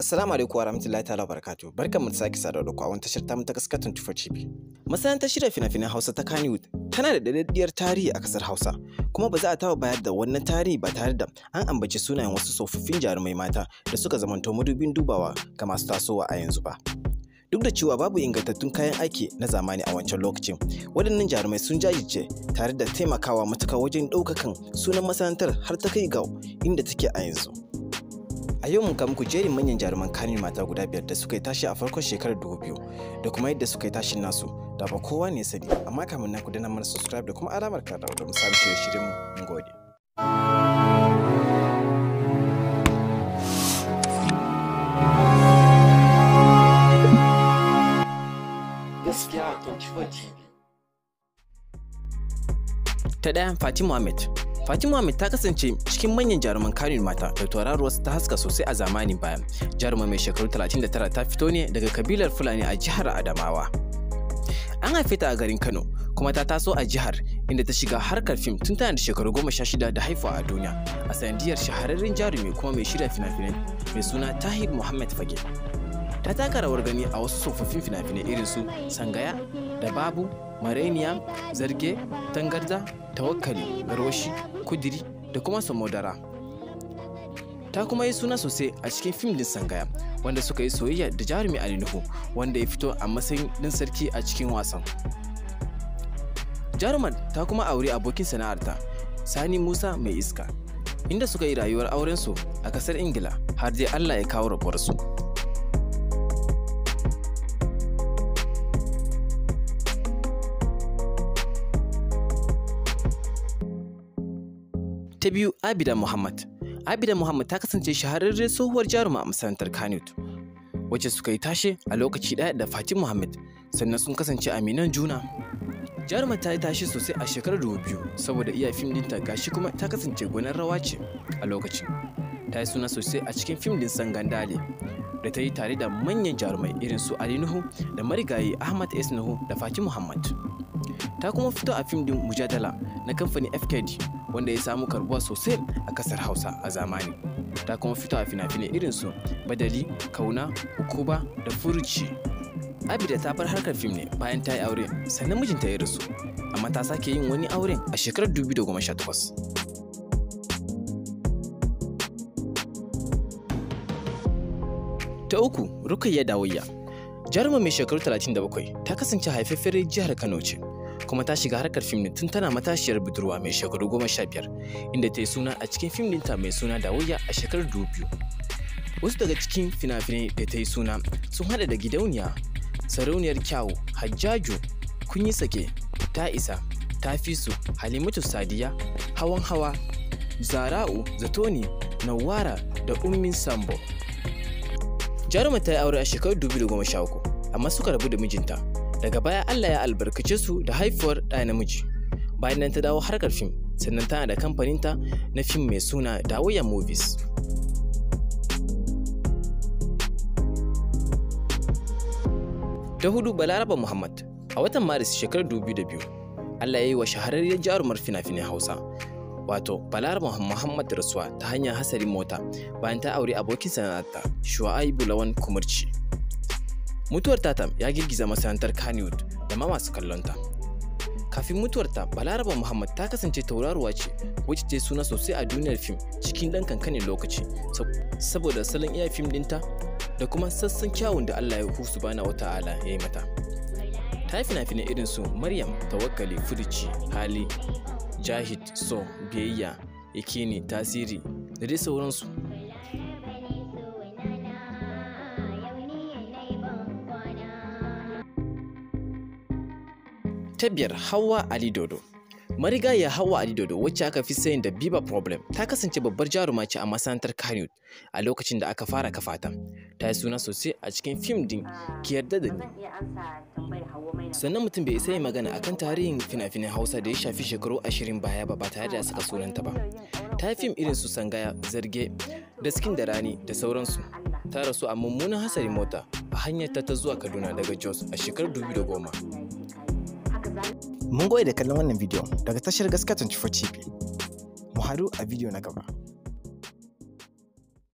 Assalamu alaikum wa rahmatullahi ta'ala barakatu. Barkan mu da sake sadar da ku a wani tashar mu ta kaskatan Tufa TV. Masana'antar shirya fina-finan Hausa ta Kannywood tana da dadaddiyar tarihi a kasar Hausa, kuma ba za a taba bayar da wannan tarihi ba tare da an ambaci sunayen wasu tsofaffin jarumai mata da suka zamanto madubin dubawa ga masu tasowa a yanzu ba. Duk da cewa babu ingantattun kayan aiki na zamani a wancan lokacin, waɗannan jarumai sun jajirce tare da taimakawa matuka wajen ɗaukakan sunan masana'antar har ta kai ga inda take a yanzu. A yau mun muku jerin manyan jaruman kanin mata guda biyar da suka yi tashi a farkon shekarar dubu biyu da kuma yadda suka yi tashin nasu da ba kowa ne sani amma kamin na ku dana mana subscribe da kuma alamar kada da mu samu shirye shirye mu mun gode. Ta ɗaya Fatima Ahmed Fatima Ahmed ta kasance cikin manyan jaruman kanun mata da tauraro wasu ta haska sosai a zamanin baya. Jaruma mai shekaru 39 ta fito ne daga kabilar Fulani a jihar Adamawa. An haife ta a garin Kano kuma ta taso a jihar inda ta shiga harkar fim tun tana da shekaru goma sha shida da haifuwa a duniya a sanadiyar shahararren jarumi kuma mai shirya fina-finai mai suna Tahir Muhammad Fage. Ta taka rawar gani a wasu tsofaffin fina-finai irin su Sangaya da Babu, Mareniya, Zarge, Tangarda tawakkali garwashi kudiri da kuma samodara ta kuma yi suna sosai a cikin fim din sangaya wanda suka yi soyayya da jarumi a nuhu wanda ya fito a matsayin din sarki a cikin wasan jaruman ta kuma aure abokin sana'arta sani musa mai iska inda suka yi rayuwar aurensu a ƙasar ingila har dai allah ya kawo rabuwarsu Ta biyu Abida Muhammad. Abida Muhammad ta kasance shahararren tsohuwar jaruma a masarantar Kanut, wacce suka yi tashe a lokaci ɗaya da Fatim Muhammad, sannan sun kasance aminan juna. Jaruma ta yi tashe sosai a shekarar dubu biyu saboda iya fim ɗinta gashi kuma ta kasance gwanar rawa ce a lokacin. Ta yi suna sosai a cikin fim ɗin Sangandale da ta yi tare da manyan jarumai irin su Ali Nuhu da marigayi Ahmad S da Fatim Muhammad. Ta kuma fito a fim ɗin Mujadala na kamfanin FKD wanda ya samu karbuwa sosai a kasar hausa a zamani ta kuma fito a fina-finai irin su badali kauna ukuba da furuci abida ta bar harkar fim ne bayan ta yi aure sannan mijinta ya rasu amma ta sake yin wani aure a shekarar 2018 Ta uku, Rukayya Dawayya. Jaruma mai shekaru talatin da 37 ta kasance haifaffiyar jihar Kano ce. kuma ta shiga harkar fim tun tana matashiyar budurwa mai shekaru goma sha biyar inda ta yi suna a cikin fim ɗinta mai suna dawayya a shekarar dubu biyu wasu daga cikin fina-finai da ta yi suna sun haɗa da gidauniya sarauniyar kyawu hajjaju kunyi sake ta isa ta fisu halimatu sadiya hawan hawa zara'u zatoni nawara da ummin sambo jaruma ta yi aure a shekarar uku amma suka rabu da mijinta daga baya Allah ya albarkace su da haifuwar ɗa namiji bayan nan ta dawo harkar fim sannan tana da kamfaninta na fim mai suna Dawoya Movies ta hudu Balaraba Muhammad a watan Maris shekarar 2002 Allah ya yi wa shahararriyar jarumar fina-finan Hausa wato Balaraba Muhammad rasuwa ta hanyar hasari mota bayan ta aure abokin sana'arta Shu'aibu Lawan Kumurci Mutuwar ta ya girgiza masana'antar Kannywood da ma masu kallonta. Kafin mutuwarta, Balaraba Muhammad ta kasance tauraruwa ce wacce ta suna sosai a duniyar fim cikin ɗan kankanin lokaci saboda salon iya fim ɗinta da kuma sassan kyawun da Allah ya hu bana wata ala ya yi mata. Ta yi fina-finai irin su Maryam, Tawakkali, furici Hali, Jahid, So, Biyayya, Ikini, Tasiri da dai sauransu. Ta biyar Hawa Ali Dodo. Marigaya Hawa Ali Dodo wacce aka fi sayin da Biba Problem ta kasance babbar jaruma ce a masantar Kanut a lokacin da aka fara kafa Ta yi suna sosai a cikin fim din Ki yarda da ni. Sannan mutum bai isa yi magana akan tarihin fina-finan Hausa da ya shafi shekaru ashirin baya ba ba tare da saka sunanta ba. Ta yi fim irin su Sangaya, Zarge, Daskin da Rani da sauransu. Ta rasu a mummunan hasarin mota a hanyar ta zuwa Kaduna daga Jos a shekarar 2010. Mun goyi da kallon wannan bidiyon daga tashar gaskatan Cifo cifi Mu haɗu a bidiyo na gaba.